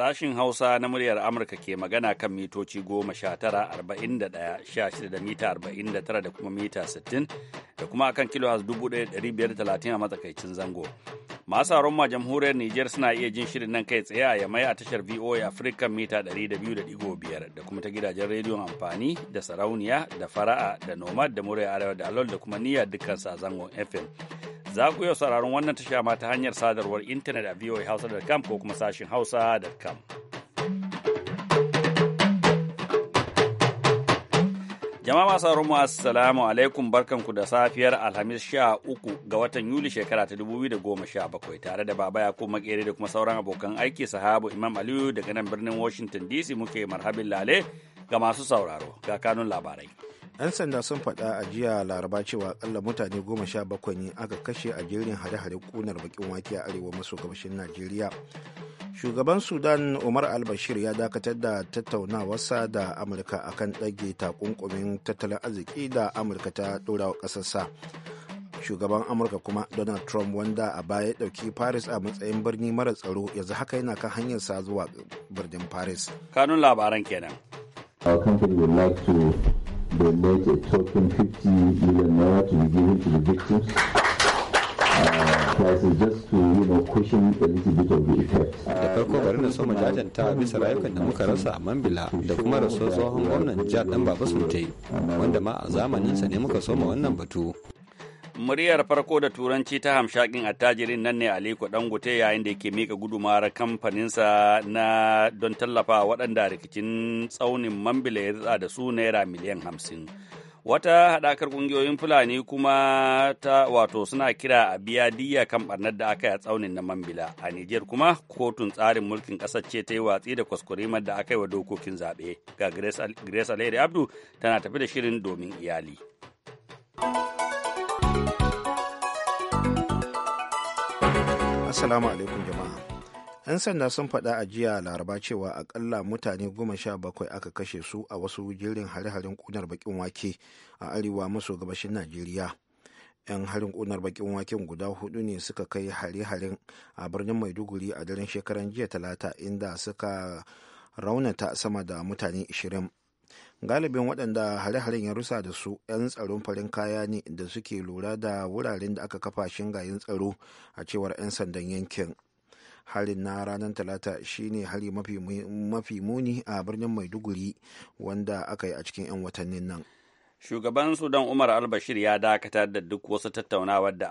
Sashin Hausa na muryar Amurka ke magana kan mitoci goma sha tara arba'in da ɗaya sha shida da mita arba'in da tara da kuma mita sittin da kuma akan kilo dubu ɗaya ɗari biyar talatin a matsakaicin zango. Masu haron ma jamhuriyar Nijar suna iya jin shirin nan kai tsaye a yamai a tashar VOA Africa mita ɗari da biyu da ɗigo biyar da kuma ta gidajen rediyon amfani da sarauniya da fara'a da nomad da muryar arewa da alol da kuma niyyar dukkan sa zangon FM. Za ku iya sauraron wannan tasha ma ta hanyar sadarwar intanet a voahausa.com ko kuma sashin hausa.com. Welcome. Jama'a masu mu assalamu alaikum barkanku da safiyar Alhamis sha uku ga watan Yuli shekara ta dubu da goma sha bakwai tare da baba ya makere da kuma sauran abokan aiki sahabu Imam Aliyu daga nan birnin Washington DC muke marhabin lale ga masu sauraro ga kanun labarai. 'yan sanda sun faɗa a jiya laraba cewa akalla mutane goma sha bakwai ne aka kashe a jerin hare-hare kunar bakin wake a arewa maso gabashin najeriya shugaban sudan umar albashir ya dakatar da tattaunawarsa da amurka akan ɗage takunkumin tattalin arziki da amurka ta ɗora wa ƙasarsa shugaban amurka kuma donald trump wanda a baya ɗauki paris a matsayin birni mara tsaro yanzu haka yana kan sa zuwa birnin paris kanun labaran kenan our prices just to you know cushion a little bit of the effect. Da farko bari na so mu jajanta bisa rayukan da muka rasa a Mambila da kuma rasuwar tsohon gwamnan jihar Dan Baba Sunte wanda ma a zamaninsa ne muka soma wannan batu. Muryar farko da turanci ta hamshakin attajirin nan ne Aliko Dangote yayin da yake mika gudumar kamfaninsa na don tallafa waɗanda rikicin tsaunin Mambila ya da su naira miliyan hamsin. wata haɗakar ƙungiyoyin fulani kuma ta wato suna kira a biya diya kan ɓarnar da aka yi a tsaunin na mambila a nijar kuma kotun tsarin mulkin ƙasar ce ta yi watsi da kwaskwarimar da aka yi wa dokokin zaɓe ga grace alheri abdu tana tafi da shirin domin iyali assalamu alaikum jama'a 'yan sanda sun faɗa a jiya laraba cewa akalla mutane goma sha bakwai aka kashe su a wasu jerin hare-haren kunar bakin wake a arewa maso gabashin najeriya 'yan harin kunar bakin wake guda hudu ne suka kai hare-haren a birnin maiduguri a daren shekaran jiya talata inda suka raunata sama da mutane 20 galibin waɗanda hare-haren ya rusa da su 'yan tsaron farin kaya ne da suke lura da wuraren da aka kafa shingayen tsaro a cewar 'yan sandan yankin halin na ranar talata shine hali mafi muni a birnin maiduguri wanda aka yi a cikin 'yan watannin nan shugaban sudan umar albashir ya dakatar da duk wasu tattaunawar da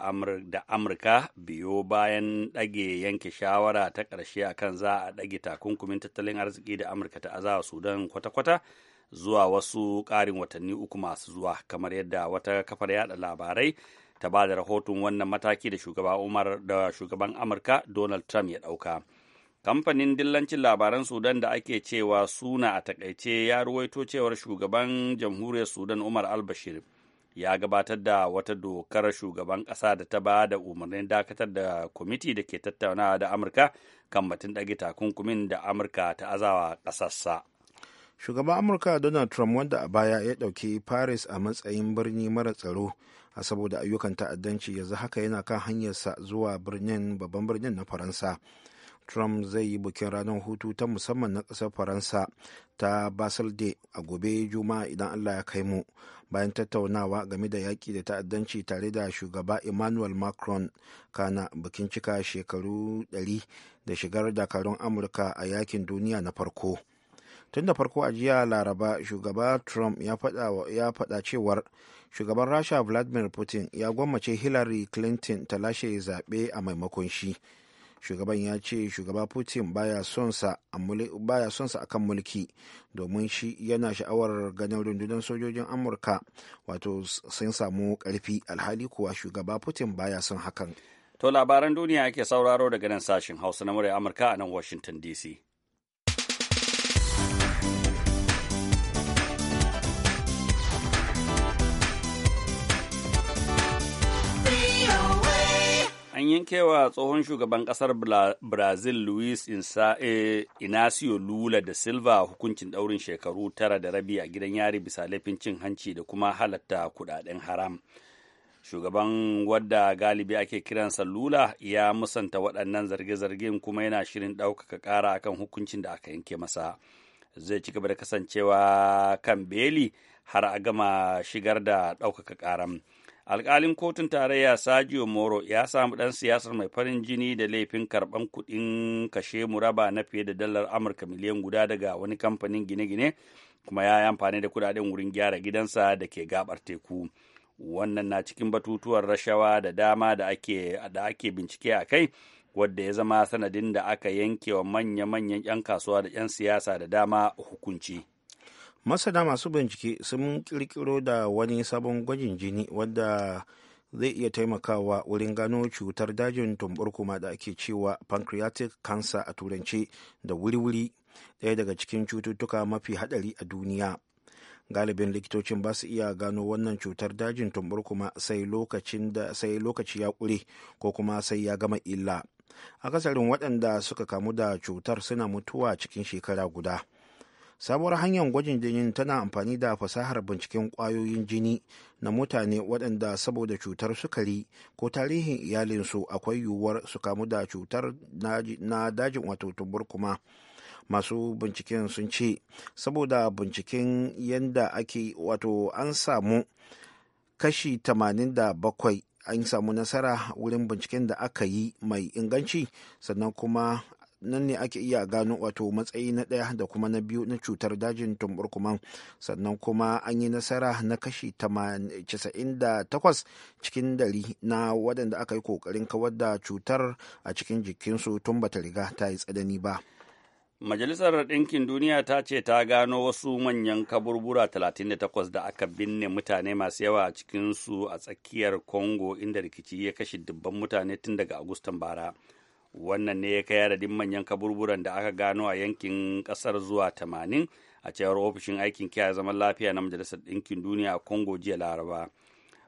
amurka biyo bayan ɗage yanke shawara ta ƙarshe akan za a ɗage takunkumin tattalin arziki da amurka ta azawa sudan kwata-kwata zuwa wasu ƙarin watanni uku masu zuwa kamar yadda wata kafar yada labarai ta ba da rahoton wannan mataki da shugaba umar da shugaban amurka donald trump ya dauka. kamfanin dillancin labaran sudan da ake cewa suna a takaice ya ruwaito cewar shugaban jamhuriyar sudan umar al-bashir ya gabatar da wata dokar shugaban ƙasa da ta ba da umarnin dakatar da kwamiti da ke tattaunawa da amurka kan batun ɗage takunkumin da amurka ta azawa ƙasarsa shugaban amurka donald trump wanda a baya ya ɗauki paris a matsayin birni mara tsaro a saboda ayyukan ta'addanci yanzu haka yana kan hanyarsa zuwa birnin babban birnin na faransa trump zai yi bikin ranar hutu ta musamman na ƙasar faransa ta basel day a gobe juma'a idan allah ya kai mu bayan tattaunawa game da yaƙi da ta'addanci tare da shugaba emmanuel macron kana bikin cika shekaru 100 da shigar dakarun amurka a yakin duniya na farko tun da farko a jiya laraba shugaba trump ya faɗa cewar shugaban rasha vladimir putin ya gwammace hillary clinton ta lashe zaɓe a maimakon shi shugaban ya ce shugaba putin baya son sa a kan mulki domin shi yana sha'awar ganin rundunar sojojin amurka wato sun samu ƙarfi alhali kuwa shugaba putin baya son hakan to labaran duniya yake sauraro daga nan sashen hausa na murya amurka a nan washington dc yankewa tsohon shugaban kasar Brazil Luis eh, Inacio Lula da Silva hukuncin daurin shekaru tara da rabi a gidan yari bisa laifin cin hanci da kuma halatta kudaden haram. Shugaban wadda galibi ake kiransa Lula ya musanta waɗannan zarge-zargen kuma yana shirin ɗaukaka kara akan hukuncin da aka yanke masa. Zai ci gaba da kasancewa kan beli har a gama shigar da ɗaukaka ƙaran. alkalin kotun tarayya Sajiyo Moro ya samu ɗan siyasar mai farin jini da laifin karɓan kuɗin kashe muraba na fiye da dalar Amurka miliyan guda daga wani kamfanin gine-gine kuma ya yi amfani da kuɗaɗen wurin gyara gidansa da ke gabar teku. Wannan na cikin batutuwar rashawa da dama da ake, da ake bincike a kai wadda ya zama sanadin da aka yanke wa manya-manyan 'yan kasuwa da 'yan siyasa da dama hukunci. masana masu bincike sun kirkiro da wani sabon gwajin jini wadda zai iya taimakawa wurin gano cutar dajin tumburkuma da ake cewa pancreatic cancer a turance da wuri-wuri daya daga cikin cututtuka mafi haɗari a duniya galibin likitocin ba su iya gano wannan cutar dajin tumburkuma sai sai lokaci ya kure ko kuma sai ya gama illa akasarin waɗanda suka kamu da cutar suna mutuwa cikin shekara guda sabuwar hanyar gwajin jinin tana amfani da fasahar binciken kwayoyin jini na mutane waɗanda saboda cutar sukari ko tarihin iyalinsu akwai yiwuwar su kamu da cutar na dajin wato tuburkuma masu binciken sun ce saboda binciken yadda ake wato an samu kashi 87 an samu nasara wurin binciken da aka yi mai inganci sannan kuma nan ne ake iya gano wato matsayi na ɗaya da kuma na biyu na cutar dajin tumburkuman sannan kuma an yi nasara na kashi 98 cikin dari na waɗanda aka yi kokarin kawar da cutar a cikin jikinsu tun bata riga ta yi tsadani ba. Majalisar Ɗinkin Duniya ta ce ta gano wasu manyan kaburbura 38 da aka binne mutane masu yawa a cikinsu a tsakiyar Congo inda rikici ya kashe dubban mutane tun daga Agustan bara. wannan ne ya kai adadin manyan kaburburan da aka gano a yankin kasar zuwa tamanin a cewar ofishin aikin kiyaye zaman lafiya na majalisar ɗinkin duniya a congo jiya laraba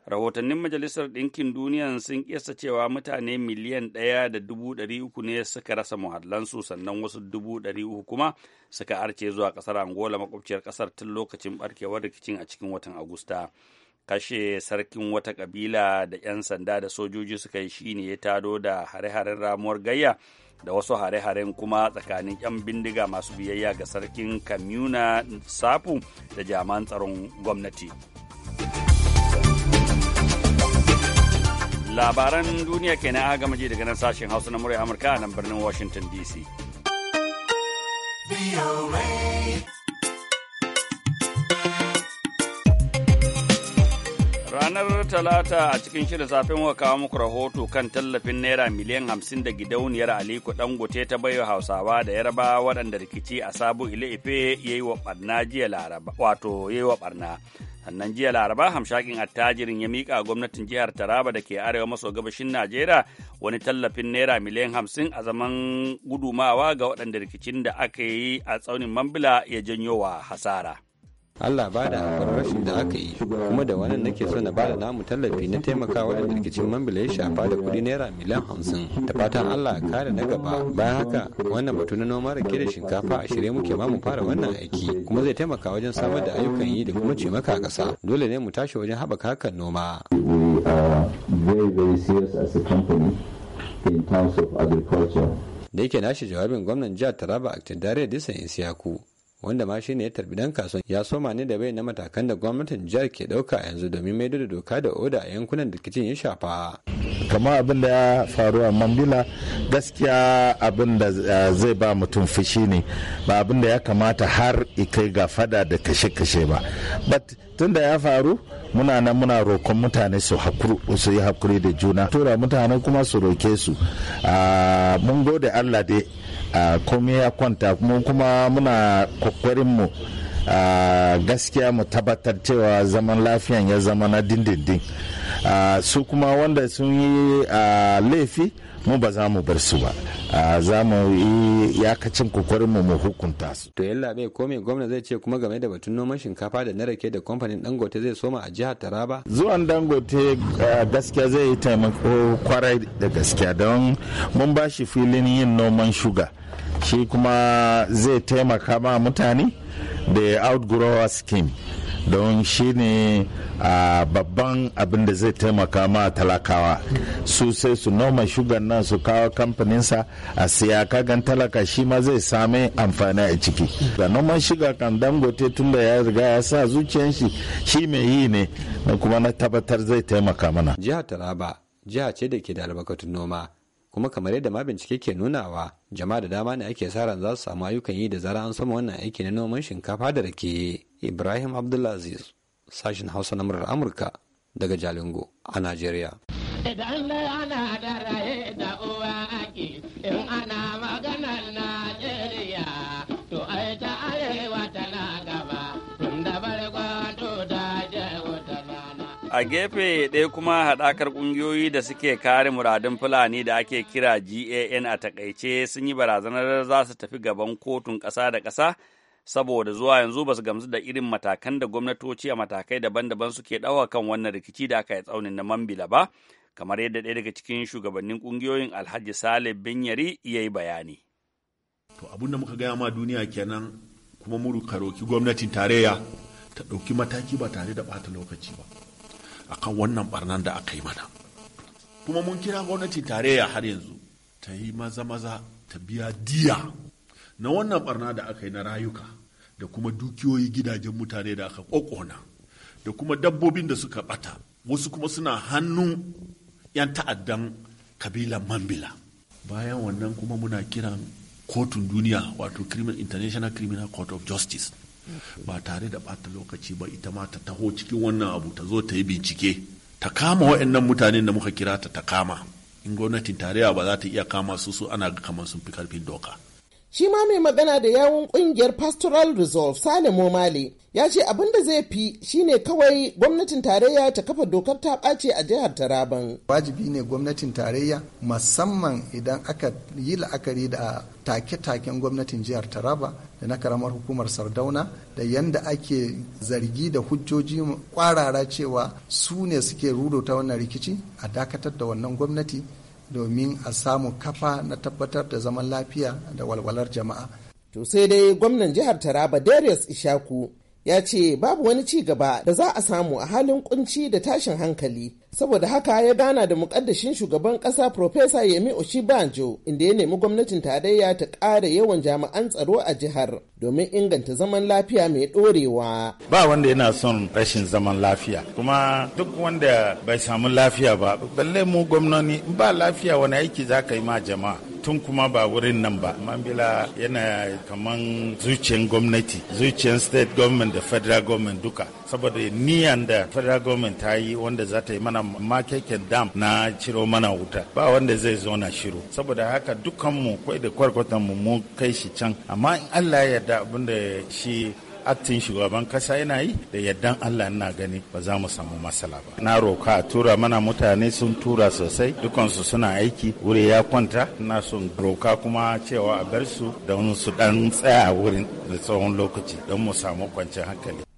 rahotannin majalisar ɗinkin duniya sun kisa cewa mutane miliyan ɗaya da dubu ɗari uku ne suka rasa muhallansu sannan wasu dubu ɗari uku kuma suka arce zuwa ƙasar angola makwabciyar ƙasar tun lokacin ɓarkewar rikicin a cikin watan agusta kashe sarkin wata kabila da 'yan sanda da sojoji suka yi shine ya tado da hare-haren ramuwar gayya da wasu hare-haren kuma tsakanin 'yan bindiga masu biyayya ga sarkin kamuna sapu da jaman tsaron gwamnati labaran duniya kenan aga maji daga nan sashen hausa na murya amurka a nan birnin washington dc ranar talata a cikin shirin safin wa kawo muku rahoto kan tallafin naira miliyan hamsin da gidauniyar aliko dangote ta baiwa hausawa da yarba waɗanda rikici a sabo ile ife ya yi wa barna jiya laraba wato ya yi wa barna sannan jiya laraba hamshakin attajirin ya miƙa gwamnatin jihar taraba da ke arewa maso gabashin najeriya wani tallafin naira miliyan hamsin a zaman gudumawa ga waɗanda rikicin da aka yi a tsaunin mambila ya janyo wa hasara. Allah ba da haifar rashin da aka yi kuma da wannan nake so na bada namu tallafi na taimaka wajen rikicin mambila ya shafa da kuɗi naira miliyan hamsin da fatan Allah kare na gaba bayan haka wannan batu na noma rake da shinkafa a shirye muke ma mu fara wannan aiki kuma zai taimaka wajen samar da ayyukan yi da kuma cimaka kasa dole ne mu tashi wajen haɓaka hakan noma. Da yake nashi jawabin gwamnan jihar Taraba a da Disan siyaku wanda ma shine ya tarbi dan kasuwan ya soma ne da bai na matakan da gwamnatin jihar ke dauka yanzu domin maido da doka da oda a yankunan da kicin ya shafa kamar abin da ya faru a mambila gaskiya abin da eh, zai ba mutum fushi ne ba abin da ya kamata har kai ga fada da kashe-kashe ba but tun da ya faru muna nan muna roƙon mutane su su yi hakuri da juna tura mutane kuma su roke su ah, mun gode allah dai komai ya kwanta kuma muna kokarin mu gaskiya mu tabbatar cewa zaman lafiyan ya zama na dindindin su kuma wanda sun yi laifi mu ba za mu bar su ba za mu yi yakacin kokarin mu mu hukunta su to yalla bai ko mai gwamna zai ce kuma game da batun noman shinkafa da na rake da kamfanin dangote zai soma a jihar taraba zuwan dangote gaskiya zai yi taimako kwarai da gaskiya don mun ba shi filin yin noman shuga shi kuma zai taimaka ma mutane da outgrower scheme don shi ne babban abin da zai taimaka ma talakawa su sai su noma shugan nan su kawo kamfaninsa a siya kagan talaka shi ma zai same amfani a ciki da noman shiga kan dangote tun da ya riga ya sa zuciyan shi shi mai yi ne na kuma na tabbatar zai taimaka mana jiha taraba jiha ce da ke da albarkatun noma kuma kamar yadda ma bincike ke nunawa jama'a da dama ne ake sa ran za su samu ayyukan yi da zara an soma wannan aiki na noman shinkafa da rake Ibrahim Abdulaziz, sashen Hausa na murar Amurka daga Jalingo a Najeriya. Idan ana da raye da uwa in ana maganar Najeriya to ai ta arewa tana gaba tun da ta je wata A gefe ɗaya kuma haɗakar ƙungiyoyi da suke kare muradun Fulani da ake kira GAN a takaice sun yi barazanar za su tafi gaban kotun ƙasa da ƙasa saboda zuwa yanzu ba su gamsu da irin matakan da gwamnatoci a matakai daban-daban suke ɗauka kan wannan rikici da aka yi tsaunin na Mambila ba, kamar yadda ɗaya daga cikin shugabannin ƙungiyoyin Alhaji Salim Binyari ya yi bayani. To abin da muka gaya ma duniya kenan kuma mu karoki gwamnatin tarayya ta ɗauki mataki ba tare da ɓata lokaci ba akan wannan barnan da aka yi mana. Kuma mun kira gwamnatin tarayya har yanzu ta yi maza-maza ta biya diya na wannan barna da aka yi na rayuka da kuma dukiyoyi gidajen mutane da aka kokona da kuma dabbobin da suka bata wasu kuma suna hannun 'yan ta'addan kabilan mambila bayan wannan kuma muna kiran kotun duniya wato international criminal court of justice ba tare da bata lokaci ba ita ma ta taho cikin wannan abu ta zo ta yi bincike ta kama waɗannan mutanen da muka kira ta ta kama in gwamnatin tarayya ba za ta iya kama su su ana kamar sun fi karfin doka Shi ma mai magana da yawun kungiyar Pastoral Resolve Salim Omale ya ce abin da zai fi shine kawai gwamnatin tarayya ta kafa dokar ta ɓace a jihar Taraban. Wajibi ne gwamnatin tarayya musamman idan aka yi la'akari da take-taken gwamnatin jihar Taraba da na karamar hukumar Sardauna da yanda ake zargi da hujjoji kwarara cewa su ne suke rudo ta wannan rikici a dakatar da wannan gwamnati domin a samu kafa na tabbatar da zaman lafiya da walwalar jama'a. To sai dai gwamnan jihar Taraba Darius Ishaku ya ce babu wani ci gaba da za a samu a halin kunci da tashin hankali saboda haka ya gana da mukaddashin shugaban kasa profesa yemi oshibanjo inda ya nemi gwamnatin tarayya ta ƙara yawan jami'an tsaro a jihar domin inganta zaman lafiya mai ɗorewa ba wanda yana son rashin zaman lafiya kuma duk wanda bai samu lafiya ba balle mu gwamnoni ba lafiya wani aiki za ka yi ma jama'a tun kuma ba wurin nan ba mambila yana kaman zuciyar gwamnati zuciyar state government da federal government duka saboda niyan da federal government ta yi wanda za ta yi mana makeken dam na ciro mana wuta ba wanda zai zo na shiru saboda haka dukanmu kwai da kwarkwatan mu mu kai shi can amma in Allah ya yarda abinda shi aktin shugaban kasa yana yi da yardan Allah na gani ba za mu samu masala ba. Na roka a tura mana mutane sun tura sosai dukansu suna aiki wuri ya kwanta na sun roka kuma cewa a bar su don su dan tsaya wurin da tsawon lokaci don mu samu kwanciyar hankali.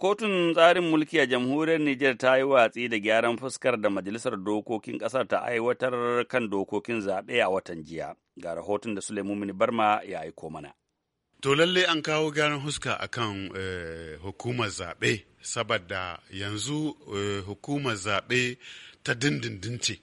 kotun tsarin mulki a jamhuriyar Nijar ta yi watsi da gyaran fuskar da majalisar dokokin kasar ta aiwatar kan dokokin zaɓe a watan jiya. Ga rahoton da Suleiman Barma ya aiko mana. To lalle an kawo gyaran fuska akan eh, hukumar zaɓe, saboda yanzu eh, hukumar zaɓe ta dindindince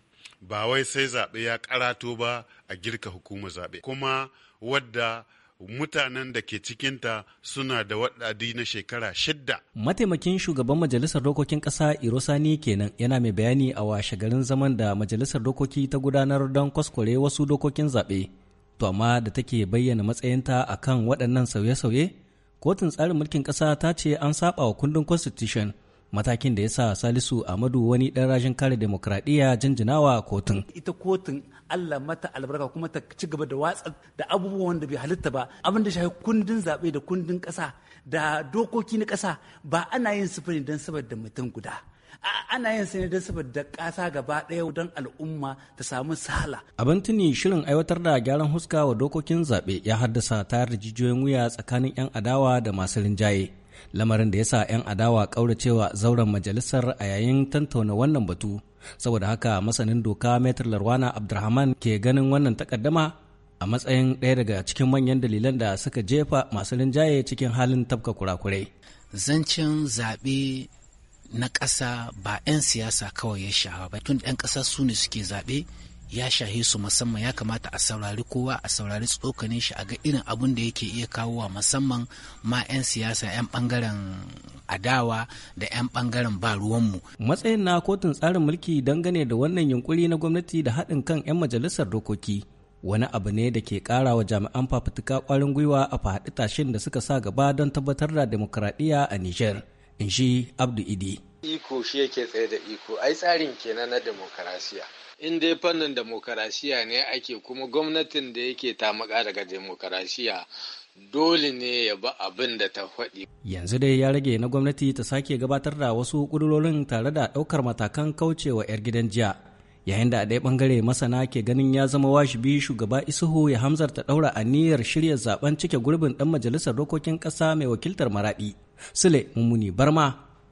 ba wai sai zaɓe ya karato ba a girka hukumar zaɓe. Kuma wadda mutanen da ke cikinta suna da waɗadi na shekara shidda. Mataimakin shugaban majalisar dokokin ƙasa Irosani kenan yana mai bayani a washe garin zaman da majalisar dokoki ta gudanar don kwaskware wasu dokokin zaɓe. To amma da take bayyana matsayinta a kan waɗannan sauye-sauye, kotun tsarin mulkin ƙasa ta ce an saɓa wa kundin constitution matakin da ya sa salisu amadu wani ɗan rajin kare demokradiyya janjinawa kotun ita kotun allah mata albarka kuma ta ci gaba da watsa da abubuwan da bai halitta ba abin da shafi kundin zabe da kundin ƙasa da dokoki na ƙasa ba ana yin ne don saboda mutum guda ana yin ne don saboda ƙasa gaba ɗaya don al'umma ta samu sala. Abin tuni shirin aiwatar da gyaran huska wa dokokin zaɓe ya haddasa tayar da jijiyoyin wuya tsakanin 'yan adawa da masu rinjaye. lamarin da ya sa 'yan adawa kauracewa zauren majalisar a yayin tantauna wannan batu saboda haka masanin doka metar larwana abdulrahman ke ganin wannan takaddama a matsayin ɗaya daga cikin manyan dalilan da suka jefa masu rinjaye cikin halin tafka kurakurai zancen zaɓe na ƙasa ba 'yan siyasa kawai ya sha ba tun 'yan ƙasa su ne suke zaɓe ya shahe su musamman ya kamata a saurari kowa a saurari tsokanin shi a ga irin abun da yake iya kawowa musamman ma 'yan siyasa 'yan bangaren adawa da 'yan bangaren ba ruwanmu. matsayin na kotun tsarin mulki dangane da wannan yunkuri na gwamnati da haɗin kan 'yan majalisar dokoki wani abu ne da ke ƙara wa jami'an fafutuka kwarin gwiwa a fahaɗi tashin da suka sa gaba don tabbatar da demokradiyya a niger in shi abdu idi iko shi yake tsaye da iko ai tsarin kenan na demokarasiya in dai fannin demokarasiya ne ake kuma gwamnatin da yake ta tamaka daga demokarasiya dole ne ya ba abin da ta faɗi. Yanzu dai ya rage na gwamnati ta sake gabatar da wasu ƙudurorin tare da ɗaukar matakan kaucewa 'yar gidan jiya. Yayin da a ɗaya ɓangare masana ke ganin ya zama biyu shugaba Isuhu ya ta ɗaura a niyyar shirya zaben cike gurbin ɗan majalisar dokokin ƙasa mai wakiltar maraɗi. Sule Mummuni Barma,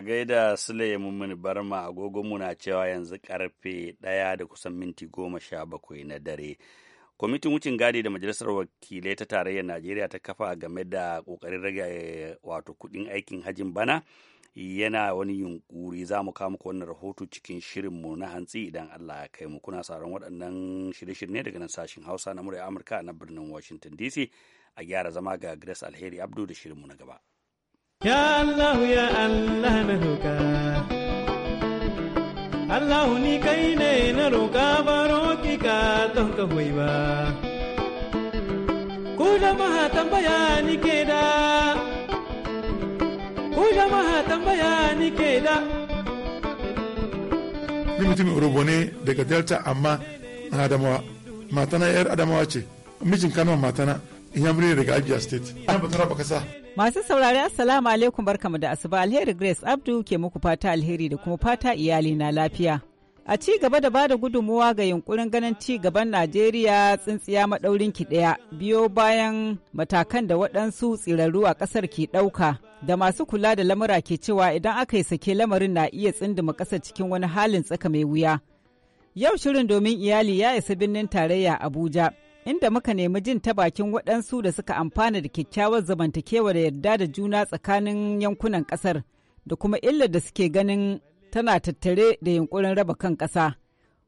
ka gaida Sule Mummuni Barma agogonmu na cewa yanzu karfe ɗaya da kusan minti goma sha bakwai na dare. Kwamitin wucin gadi da Majalisar Wakilai ta Tarayyar Najeriya ta kafa game da ƙoƙarin rage eh, wato kuɗin aikin hajin bana yana wani yunƙuri za mu kawo muku wannan rahoto cikin shirinmu na hantsi idan Allah ya kai mu kuna sauran waɗannan shirye-shirye daga nan sashen Hausa na murya Amurka na birnin Washington DC a gyara zama ga Grace Alheri Abdu da shirinmu na gaba. Ya Allah ya Allah na roƙa Allah ni kai ne na roƙa baro ki ka don ka hoyi ba Ku jama'a tambaya ni ke da Ku jama'a tambaya ni ke da Ni mutumin Urubu ne daga Delta amma na Adamawa matana yar Adamawa ce mijin Kano matana Inyamuri daga Abia State ana batara baka sa Masu saurari Assalamu alaikum barkamu da asuba alheri Grace Abdu ke muku fata alheri da kuma fata iyali na lafiya. A ci gaba da bada gudunmuwa ga yunkurin ganin ci gaban Najeriya tsintsiya maɗaurin ki ɗaya biyo bayan matakan da waɗansu tsirarru a ƙasar ke ɗauka da masu kula da lamura ke cewa idan aka yi sake lamarin na iya tsindima ƙasar cikin wani halin tsaka mai wuya. Yau shirin domin iyali ya isa birnin tarayya Abuja. inda muka nemi jin ta bakin waɗansu da suka amfana da kyakkyawar zamantakewar yarda da juna tsakanin yankunan ƙasar da kuma illar da suke ganin tana tattare da yunkurin raba kan ƙasa.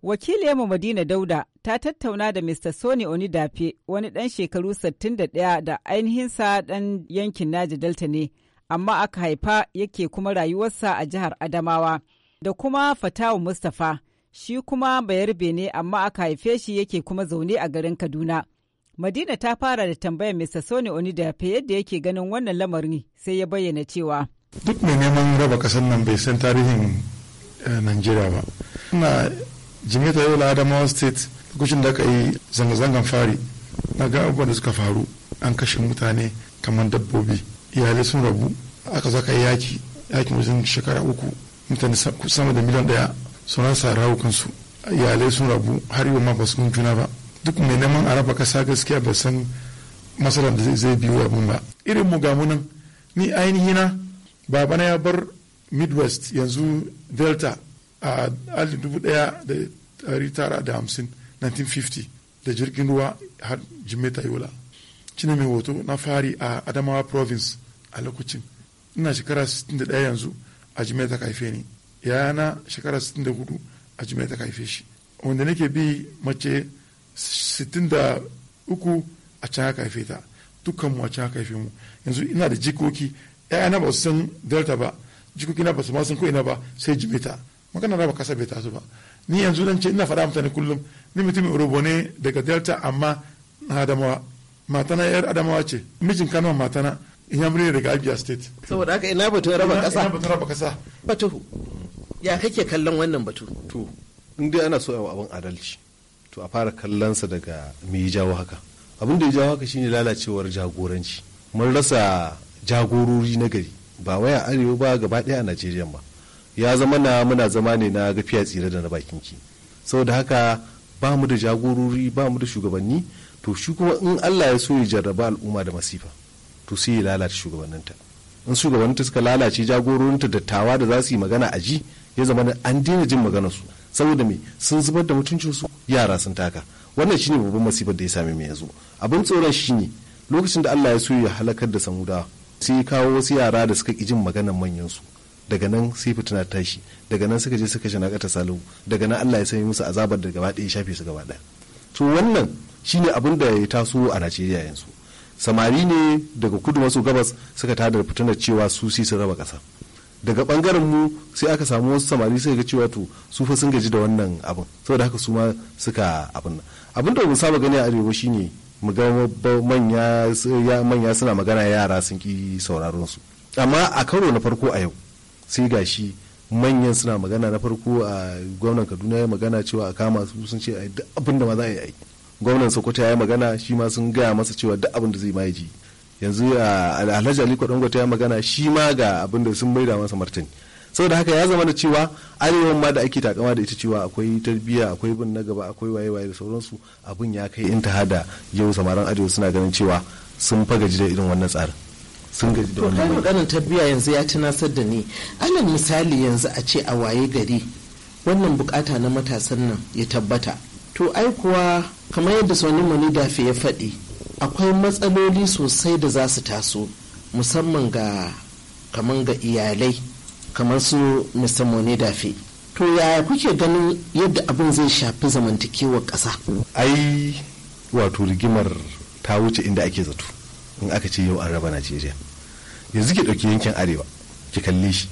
Wakiliyarmu Madina Dauda ta tattauna da Mr. Sony Onidafe wani ɗan shekaru 61 da ainihin sa ɗan yankin Naji Delta ne, amma aka haifa yake kuma rayuwarsa a jihar Adamawa, da kuma Fatawu Mustapha. shi kuma bayarbe ne amma aka haife shi yake kuma zaune a garin Kaduna. Madina ta fara da tambayar Mr. da Onidafe yadda yake ganin wannan lamarin sai ya bayyana cewa. Duk mai neman raba kasar nan bai san tarihin eh, Najeriya ba. ana jimita yau Adamawa State lokacin da aka yi zanga-zangan fari na ga abubuwan da suka faru an kashe mutane kamar dabbobi iyalai sun rabu aka zaka yaki yakin wajen shekara uku mutane sama da miliyan daya sun sa rawukansu iyalai sun rabu har yau ma ba juna ba duk mai neman a raba kasa gaskiya ba san masalan da zai biyo abin ba irin mu ga munan ni ainihi na babana ya bar midwest yanzu delta a da 1950 da jirgin ruwa har jimeta yola shine mai hoto na fari a adamawa province a lokacin ina shekara 61 yanzu a jimeta kaife ne yana shekara 64 a jimai ka haife shi wanda nake bi mace 63 a can haka haife ta dukkan mu a can haka haife mu yanzu ina da jikoki na ba su san delta ba jikoki na ba su ma san ko ina ba sai ta magana na ba kasa bai taso ba ni yanzu nan ce ina faɗa mutane kullum ni mutum robo ne daga delta amma na adamawa matana yar adamawa ce mijin kano matana in yamuri daga abia state saboda haka ina batu raba kasa ina raba kasa ya kake kallon wannan batu to in dai ana so yawa abin adalci to a fara kallonsa daga me ya jawo haka abin da ya jawo haka shine lalacewar jagoranci mun rasa jagorori na gari ba waya arewa ba gaba ɗaya a najeriya ba ya zama na muna zama ne na gafiya tsire da na bakin ki saboda haka ba mu da jagorori ba mu da shugabanni to shi kuma in allah ya so ya jarraba al'umma da masifa to sai ya lalata shugabanninta in shugabanninta suka lalace jagororinta dattawa da za su yi magana a ji ya zama da an daina jin maganar su saboda me sun zubar da mutuncin su yara sun taka wannan shine babban masifar da ya sami mu yanzu abin tsoron shine lokacin da Allah ya so ya halakar da samuda sai ya kawo wasu yara da suka ki jin maganar manyan su daga nan sai fitina tashi daga nan suka je suka shi nakata salihu daga nan Allah ya sanya musu azabar da gaba ɗaya shafe su gaba ɗaya to wannan shine abin da ya taso a Najeriya yanzu samari ne daga kudu maso gabas suka tada fitinar cewa su sai su raba kasa. daga bangaren mu sai aka samu wasu samari suka ga cewa to su fa sun gaji da wannan abin saboda haka su ma suka abin nan abin da mu saba gani a arewa shine mu ga manya manya suna magana yara sun ki sauraron su amma a karo na farko a yau sai gashi manyan suna magana na farko a gwamnan kaduna ya magana cewa a kama su sun ce duk abin da ma za a yi gwamnan sokoto ya magana shi ma sun gaya masa cewa duk abin da zai ma ji yanzu alhaji aliko dangote ya magana shi ma ga abin da sun maida masa martani saboda haka ya zama da cewa arewa ma da ake takama da ita cewa akwai tarbiyya akwai bin na gaba akwai waye waye da sauransu abin ya kai intaha da yau samaran arewa suna ganin cewa sun fa gaji da irin wannan tsarin sun gaji da wannan maganar tarbiyya yanzu ya tunasar da ni alal misali yanzu a ce a waye gari wannan bukata na matasan nan ya tabbata to ai kuwa kamar yadda sanin mani dafe ya faɗi akwai matsaloli sosai da za su taso musamman ga kamar ga iyalai kamar su mr mone dafe to yaya kuke ganin yadda abin zai shafi zamantakewar ƙasa ai wato rigimar ta wuce inda ake zato in aka ce yau an raba najeriya yanzu ke ɗauki yankin arewa ki kalle shi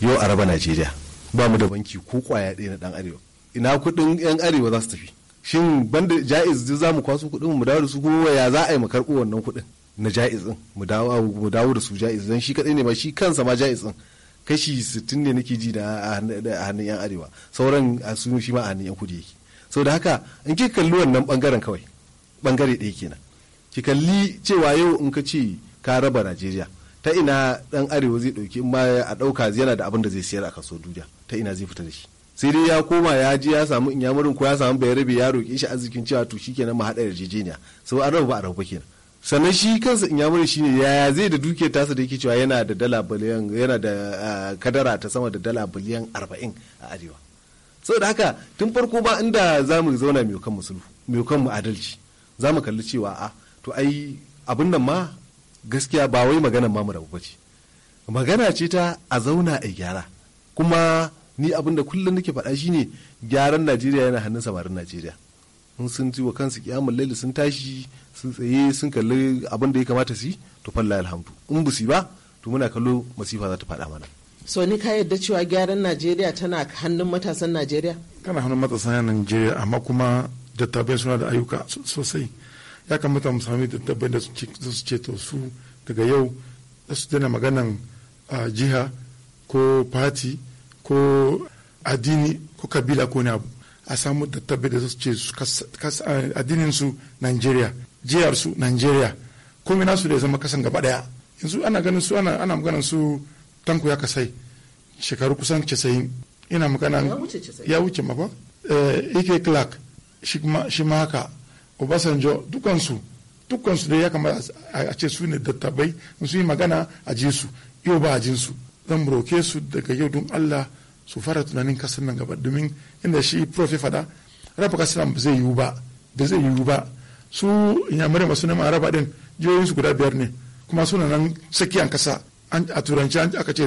yau a raba najeriya ba mu da banki ko kwaya ɗaya na ɗan arewa ina kuɗin yan arewa za su tafi shin banda ja'iz duk za kwaso kuɗin mu dawo da su kuma ya za a yi mu karɓo wannan kuɗin na ja'iz din mu dawo da su ja'iz dan shi kadai ne ma shi kansa ma ja'iz din kashi 60 ne nake ji da a hannun yan arewa sauran a su shi ma a hannun yan kudi yake so da haka in ki kalli wannan bangaren kawai bangare ɗaya kenan ki kalli cewa yau in ka ce ka raba Najeriya ta ina dan arewa zai dauki in ma a ɗauka yana da abin da zai siyar a kaso duniya ta ina zai fita da shi sai dai ya koma ya ji ya samu inyamurin ko ya samu rabe ya roki shi arzikin cewa to shikenan mu da yarjejeniya sau an ba a rabu kenan sannan shi kansa inyamurin ne yaya zai da duke tasa da yake cewa yana da dala biliyan yana da eh, kadara ta sama da dala biliyan arba'in a arewa saboda haka tun farko ba inda za mu zauna mai kan musulu mai kan mu adalci za mu kalli cewa a ah, to ai abin nan ma gaskiya ba wai magana ma mu rabu ba ce magana ce ta a zauna a gyara kuma ni abin da kullum nake faɗa shi ne gyaran najeriya yana hannun samarin najeriya in sun ji wa kansu kiyamun laili sun tashi sun tsaye sun kalli abin da ya kamata su to falla alhamdu in busi ba to muna kallo masifa za ta faɗa mana so ni ka yadda cewa gyaran najeriya tana hannun matasan najeriya kana hannun matasan najeriya amma kuma dattabai suna da ayyuka sosai ya kamata mu sami dattabai da su ce to su daga yau su dana maganan ah, jiha ko fati ko addini ko kabila ko ne abu a samu tattabe da su ce addinin su Najeriya jiyar su Najeriya komai nasu da zama kasan gaba daya yanzu ana ganin su ana ana maganan su tanku ya kasai shekaru kusan 90 ina magana ya wuce ma ba Ike eh, Clark shi ma haka Obasanjo dukansu dukansu da ya kamata a ce su ne dattabai su yi magana a ji su yau ba a jinsu zan roke su daga yau don Allah su fara tunanin kasar nan gaba domin inda shi prof ya faɗa raba kasar nan zai yiwu ba da zai yiwu ba su inyamurai masu neman araba din jiyoyin su guda biyar ne kuma suna nan tsakiyar kasa a turanci aka ce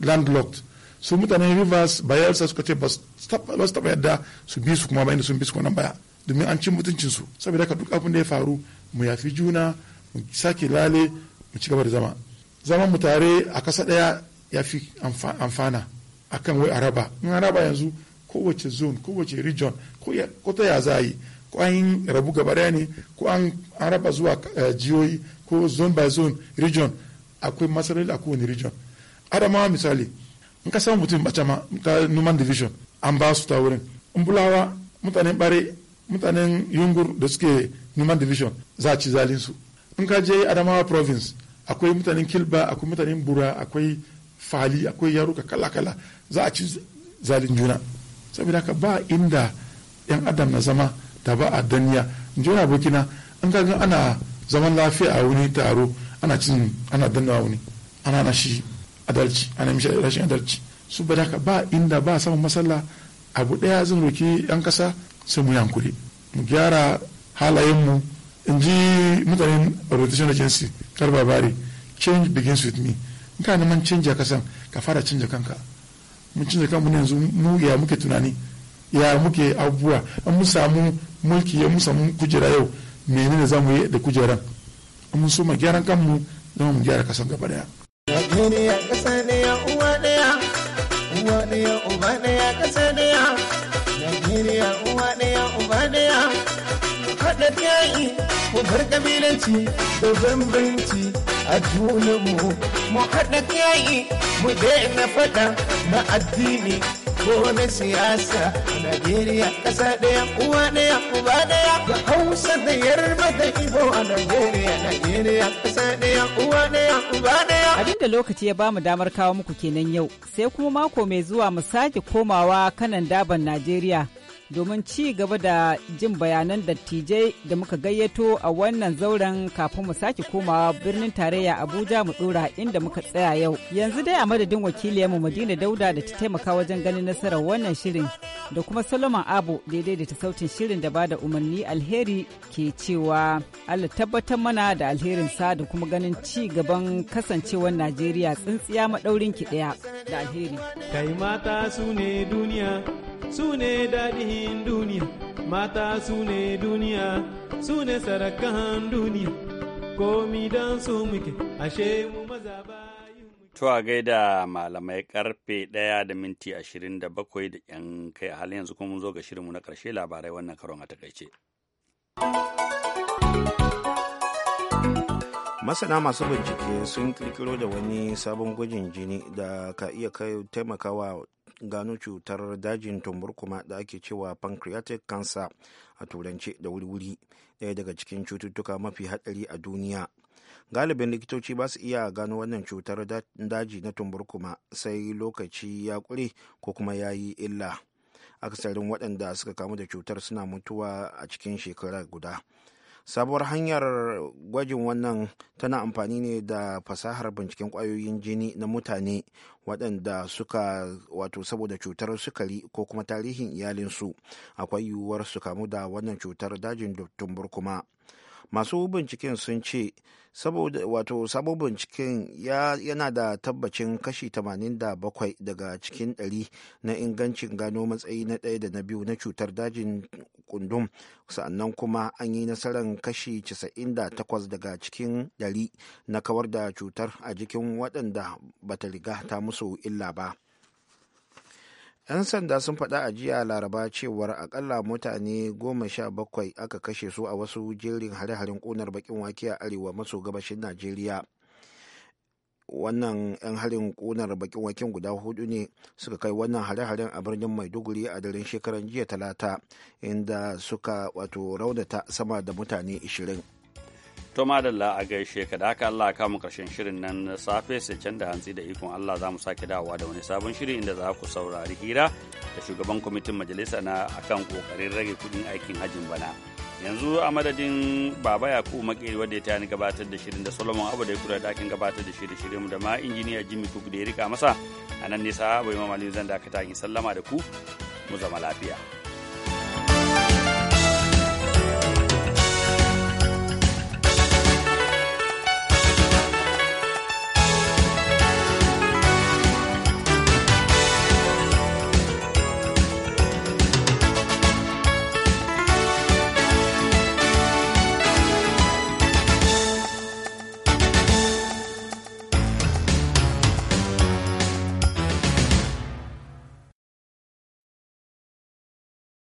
landlocked su mutanen rivers bayelsa suka ce ba su taba yadda su bi su kuma bayan sun bi su kuma baya domin an cin mutuncin su saboda ka duk abin da ya faru mu yafi juna mu sake lale mu ci gaba da zama zaman mu tare a kasa daya. ya fi amfana kan wai araba in araba yanzu kowace zone kowace region ko ta ya za a yi ko an rabu gaba daya ne ko an raba zuwa eh, jihohi ko zone by zone region akwai matsaloli a kowane region adama misali in ka samu mutum bace ma ta numan division an ba su ta wurin in bulawa mutanen bare mutanen yungur da suke numan division za a ci zalinsu in ka je adamawa province akwai mutanen kilba akwai mutanen bura akwai fali akwai yaruka kala-kala za a ci zalin juna saboda haka ba inda yan adam na zama da ba a danya juna abokina an ga ana zaman lafiya a wani taro ana cin ana danna wani ana na shi adalci ana mishi rashin adalci su ba haka ba inda ba samun masalla abu daya zan roki yan kasa sai mu yankuri mu gyara halayenmu in ji mutanen rotation agency karba bari change begins with me in ka neman canja kasan ka fara canja kanka mun canja kanmu ne yanzu mu ya muke tunani ya muke abubuwa an mu samu mulki ya mu samu kujera yau menene za mu yi da kujeran an mun so mu gyaran kanmu zama mu gyara kasan gaba daya. Najeriya ƙasa ɗaya uwa ɗaya uwa ɗaya uba ɗaya faɗar yi mu bar ƙabilanci da bambanci a junanmu mu haɗa yaƙi mu daina faɗa na addini ko na siyasa Najeriya ƙasa ɗaya uwa ɗaya uba ɗaya ga Hausa da Yarba da Ibo a Najeriya Najeriya ƙasa ɗaya uwa ɗaya uba ɗaya abin da lokaci ya bamu damar kawo muku kenan yau sai kuma mako mai zuwa mu sake komawa kanan daban Najeriya domin ci gaba da jin bayanan dattijai da muka gayyato a wannan zauren kafin mu sake komawa birnin tarayya Abuja mu dora inda muka tsaya yau. Yanzu dai a madadin wakiliyarmu Madina Dauda da ta taimaka wajen ganin nasarar wannan shirin da kuma Solomon Abu daidai da ta sautin shirin da ba da umarni alheri ke cewa Allah tabbatar mana da alherin sa da kuma ganin ci gaban kasancewar Najeriya tsintsiya maɗaurin ki ɗaya da alheri. Kai su ne duniya su ne daɗin duniya mata su ne duniya su ne sarakan duniya komi don su muke ashe mu maza ba To a gaida malamai karfe ɗaya da minti ashirin da bakwai da ‘yan kai a halin yanzu kuma mun zo ga shirinmu na karshe labarai wannan karon a takaice. Masana masu bincike sun kirkiro da wani sabon gwajin jini da ka iya kai taimakawa gano cutar dajin tumburkuma da ake cewa pancreatic cancer a turance da wuri-wuri ɗaya daga cikin cututtuka mafi haɗari a duniya galibin likitoci ba su iya gano wannan cutar daji na tumburkuma sai lokaci ya ƙure ko kuma ya yi illa akasarin waɗanda suka kamu da cutar suna mutuwa a cikin shekara guda sabuwar hanyar gwajin wannan tana amfani ne da fasahar binciken kwayoyin jini na mutane waɗanda suka wato saboda cutar sukari ko kuma tarihin iyalinsu akwai yiwuwar su kamu da wannan cutar dajin tumburkuma masu binciken sun ce saboda wato sabon binciken yana da tabbacin kashi 87 daga cikin 100 na ingancin gano matsayi na ɗaya da na biyu na cutar dajin kundum sannan kuma an yi nasarar kashi 98 daga cikin 100 na kawar da cutar a jikin waɗanda bata riga ta musu illa ba 'yan sanda sun faɗa a jiya laraba cewar akalla mutane goma sha bakwai aka kashe su a wasu jerin hare-haren kunar bakin wake a arewa maso gabashin najeriya wannan 'yan harin kunar bakin waken guda hudu ne suka kai wannan hare-haren a birnin maiduguri a daren shekaran jiya talata inda suka wato raunata sama da mutane 20 to madalla a gaishe ka da haka Allah ka mu karshen shirin nan na safe sai can da hantsi da ikon Allah za mu sake dawowa da wani sabon shiri inda za ku saurari hira da shugaban kwamitin majalisa na akan kokarin rage kudin aikin hajin bana yanzu a madadin baba yakubu makeri wadda ya ta ni gabatar da shirin da solomon abu da ya kura dakin gabatar da shirin shirye mu da ma injiniya jimmy cook da ya rika masa a nan nesa bai mamalin zan dakata yi sallama da ku mu zama lafiya